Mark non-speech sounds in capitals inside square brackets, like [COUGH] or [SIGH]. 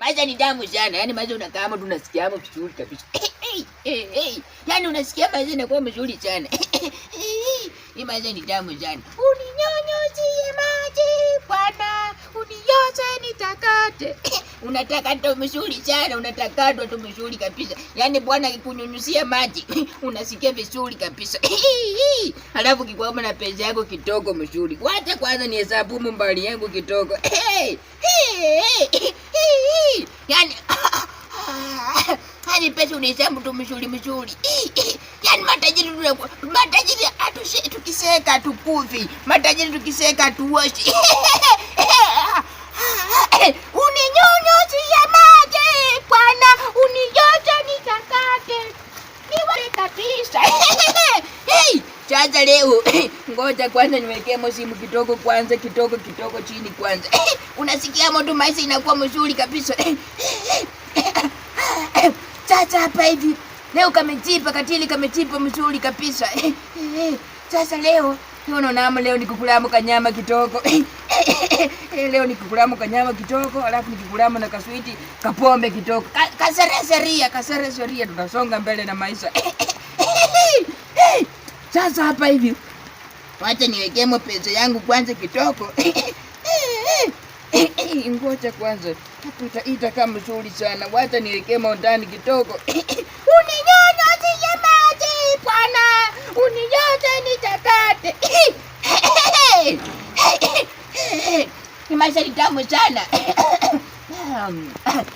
Maisha ni damu sana. Yaani maisha unakaa kama tunasikia hapo vizuri kabisa. Eh, eh, eh, yaani unasikia maisha inakuwa mzuri sana. Ni maisha ni damu sana. Uninyonyozie maji Bwana, unioshe nitakate. Unatakata mzuri sana, unatakatwa tu mzuri kabisa. Yaani Bwana akikunyunyuzia maji, [LAUGHS] unasikia vizuri kabisa. Halafu kikwama na pesa yako kidogo mzuri. Wacha kwanza nihesabu mbali yangu kidogo. Hey! Hey! Hey! pesa unihesabu tu mishuli mishuli. Yaani matajiri matajiri atushe tukiseka tukuvi. Matajiri tukiseka tuoshi. [LAUGHS] Uninyunyuzie maji Bwana, unijote nitakate. Niwe kabisa. [LAUGHS] Hey, sasa leo [LAUGHS] ngoja kwanza niwekee simu kidogo kwanza, kidogo kidogo chini kwanza. Unasikia moto maisha inakuwa mzuri kabisa. Sasa hapa hivi leo kamechipa katili, kamechipa mzuri kabisa. [LAUGHS] Sasa leo naonama, leo nikukulamo kanyama kitoko [COUGHS] leo nikukulamo kanyama kitoko, alafu nikukulamo na kaswiti kapombe kitoko, kasereseria kasereseria, tunasonga mbele na maisha [COUGHS] sasa hapa hivi, wacha niwekemo pesa yangu kwanza kitoko [COUGHS] [COUGHS] Ngoja kwanza, tutaita kama mzuri sana, wacha niwekee maundani kidogo. [COUGHS] Uninyonye usije maji bwana, uninyonye nitakate. [COUGHS] Ni tamu sana.